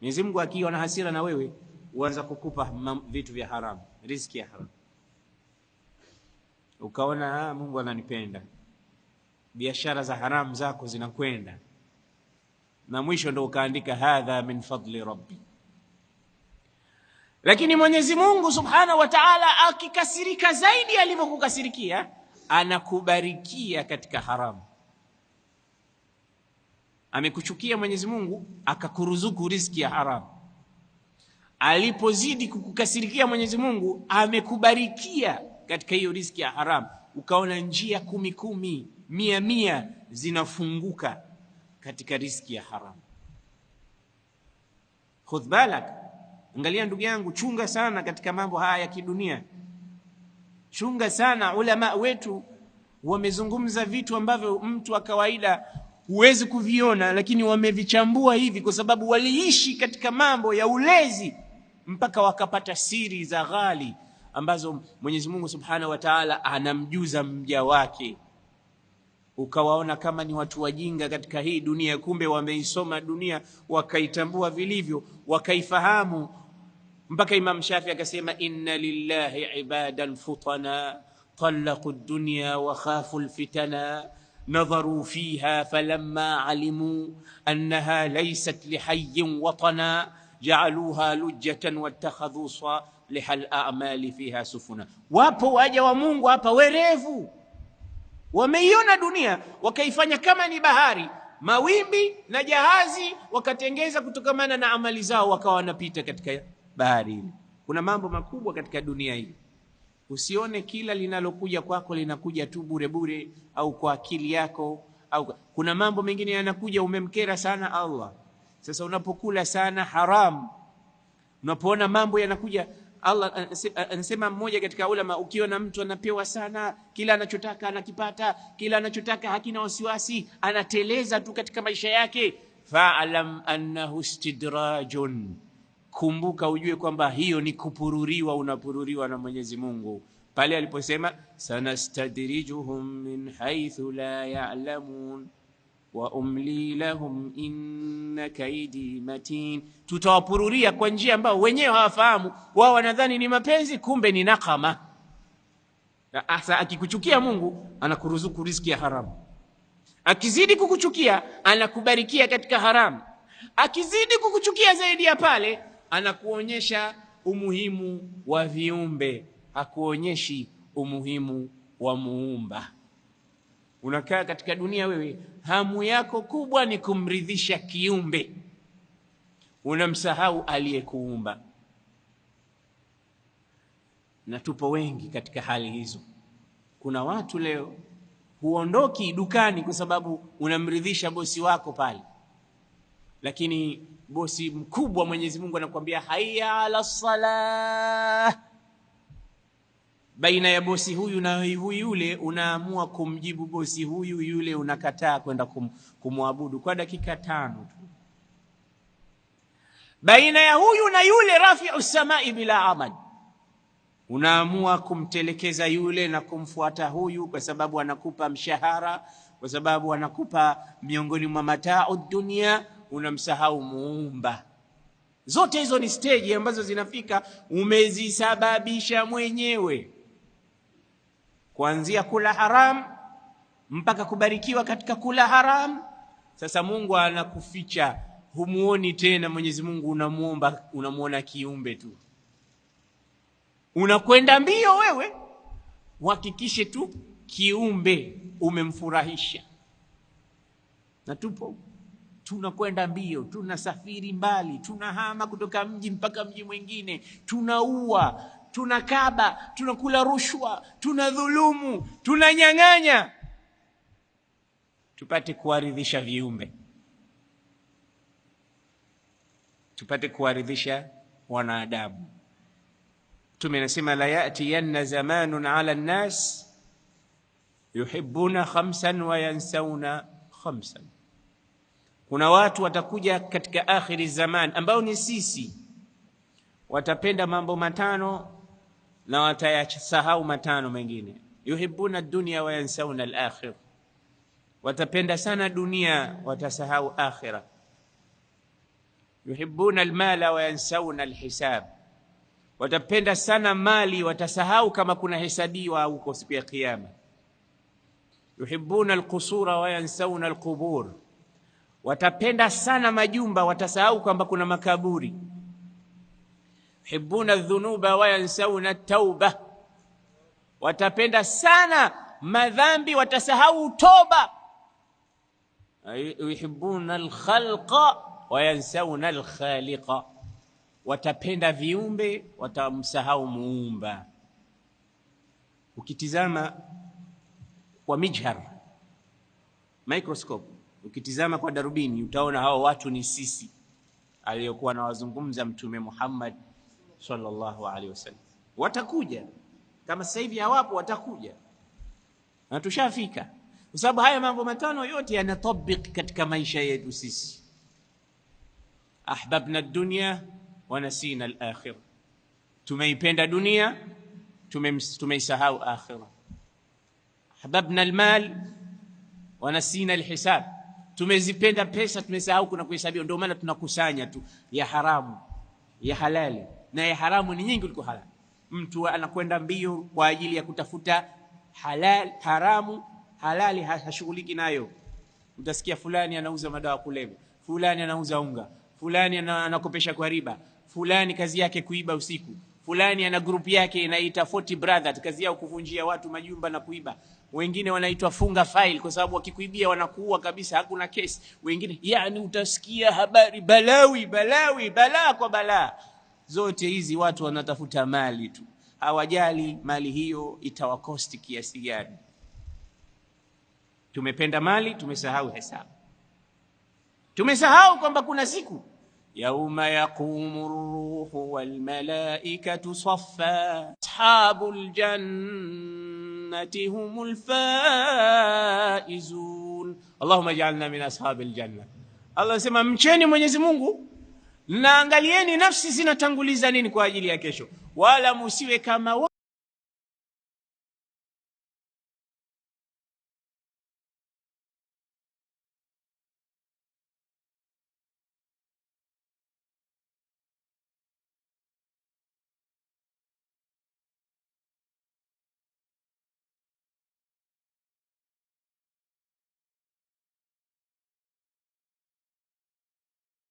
Mwenyezi Mungu akiwa na hasira na wewe uanza kukupa vitu vya haramu, riziki ya haramu, ukaona ah, Mungu ananipenda. Biashara za haramu zako zinakwenda, na mwisho ndo ukaandika hadha min fadli rabbi. Lakini Mwenyezi Mungu Subhanahu wa Ta'ala akikasirika zaidi alivyokukasirikia, anakubarikia katika haramu amekuchukia Mwenyezi Mungu akakuruzuku riziki ya haramu. Alipozidi kukukasirikia Mwenyezi Mungu amekubarikia katika hiyo riziki ya haramu, ukaona njia kumi kumi, mia mia zinafunguka katika riziki ya haramu. Khudh balak, angalia ndugu yangu, chunga sana katika mambo haya ya kidunia, chunga sana. Ulama wetu wamezungumza vitu ambavyo mtu wa kawaida huwezi kuviona, lakini wamevichambua hivi kwa sababu waliishi katika mambo ya ulezi mpaka wakapata siri za ghali ambazo Mwenyezi Mungu Subhanahu wa Ta'ala anamjuza mja wake. Ukawaona kama ni watu wajinga katika hii dunia, kumbe wameisoma dunia wakaitambua vilivyo, wakaifahamu mpaka Imam Shafi akasema, inna lillahi ibadan futana talaqu dunya wa khafu lfitana نظروا فيها فلما علموا انها ليست لحي وطنا جعلوها لجة واتخذوا صالح الأعمال فيها سفنا. Wapo waja wa Mungu hapa werevu, wameiona dunia wakaifanya kama ni bahari, mawimbi na jahazi wakatengeza kutokamana na amali zao, wakawa wanapita katika bahari hili. Kuna mambo makubwa katika dunia hii. Usione kila linalokuja kwako linakuja tu bure bure, au kwa akili yako, au kuna mambo mengine yanakuja, umemkera sana Allah. Sasa unapokula sana haram, unapoona mambo yanakuja Allah eh, eh, anasema, mmoja katika ulama, ukiona mtu anapewa sana, kila anachotaka anakipata, kila anachotaka hakina wasiwasi, anateleza tu katika maisha yake, fa'lam annahu istidrajun kumbuka ujue kwamba hiyo ni kupururiwa, unapururiwa na Mwenyezi Mungu pale aliposema sanastadrijuhum min haythu la ya'lamun wa umli lahum inna kaidi matin, tutawapururia kwa njia ambayo wenyewe hawafahamu. Wao wanadhani ni mapenzi, kumbe ni nakama. Na asa akikuchukia Mungu anakuruzuku riziki ya haramu, akizidi kukuchukia anakubarikia katika haramu, akizidi kukuchukia zaidi ya pale anakuonyesha umuhimu wa viumbe, hakuonyeshi umuhimu wa muumba. Unakaa katika dunia wewe, hamu yako kubwa ni kumridhisha kiumbe, unamsahau aliyekuumba, na tupo wengi katika hali hizo. Kuna watu leo huondoki dukani kwa sababu unamridhisha bosi wako pale lakini bosi mkubwa Mwenyezi Mungu anakuambia hayya ala sala Baina ya bosi huyu na yule, unaamua kumjibu bosi huyu, yule unakataa kwenda kum, kumwabudu kwa dakika tano tu. Baina ya huyu na yule, rafiu samai bila amad unaamua kumtelekeza yule na kumfuata huyu, kwa sababu anakupa mshahara, kwa sababu anakupa miongoni mwa mataa dunia unamsahau muumba. Zote hizo ni stage ambazo zinafika umezisababisha mwenyewe, kuanzia kula haram mpaka kubarikiwa katika kula haram. Sasa Mungu anakuficha, humuoni tena. Mwenyezi Mungu unamuomba, unamuona kiumbe tu, unakwenda mbio wewe. Uhakikishe tu kiumbe umemfurahisha, na tupo tunakwenda mbio, tunasafiri mbali, tunahama kutoka mji mpaka mji mwingine, tunaua, tunakaba, tunakula rushwa, tunadhulumu, tunanyang'anya, tupate kuwaridhisha viumbe, tupate kuwaridhisha wanadamu. Mtume anasema la yanna zamanun ala nnas yuhibuna khamsan wa yansauna khamsan kuna watu watakuja katika akhiri zamani ambao ni sisi, watapenda mambo matano na watayasahau matano mengine. Yuhibbuna dunya wa yansauna al watapenda sana dunia watasahau akhira. Yuhibbuna almala wa yansauna alhisab, watapenda sana mali watasahau kama kuna hesabiwa huko siku ya Kiyama. Yuhibbuna alqusura wa yansauna alqubur Watapenda sana majumba, watasahau kwamba kuna makaburi. Yuhibbuna dhunuba wayansauna tauba, watapenda sana madhambi, watasahau toba. Yuhibbuna alkhalqa wayansauna alkhaliqa, watapenda viumbe, watamsahau muumba. Ukitizama kwa mijhar microscope Ukitizama kwa darubini utaona hao watu ni sisi aliyokuwa anawazungumza Mtume Muhammad sallallahu alaihi wasallam. Watakuja kama sasa hivi hawapo, watakuja na tushafika, kwa sababu haya mambo matano yote yanatabiki katika maisha yetu sisi. Ahbabna dunya wa nasina al-akhirah, tumeipenda dunia tumeisahau akhira Ahbabna al-mal wa nasina al-hisab Tumezipenda pesa, tumesahau kuna kuhesabia. Ndio maana tunakusanya tu ya haramu, ya halali, na ya haramu ni nyingi kuliko halali. Mtu anakwenda mbio kwa ajili ya kutafuta halali, haramu. Halali hashughuliki nayo. Utasikia fulani anauza madawa kulevya, fulani anauza unga, fulani anakopesha kwa riba, fulani kazi yake kuiba usiku, fulani ana group yake inaita 40 brothers, kazi yao kuvunjia watu majumba na kuiba wengine wanaitwa funga file kwa sababu wakikuibia wanakuua kabisa, hakuna kesi. Wengine yani, utasikia habari balawi balawi, balaa kwa balaa. Zote hizi watu wanatafuta mali tu, hawajali mali hiyo itawakosti kiasi gani. Tumependa mali, tumesahau hesabu, tumesahau kwamba kuna siku yauma yaqumu ruhu wal malaikatu saffa ashabul janna الجنة هم الفائزون اللهم اجعلنا من اصحاب الجنه الله anasema mcheni Mwenyezi Mungu na angalieni nafsi zinatanguliza nini kwa ajili ya kesho, wala musiwe kama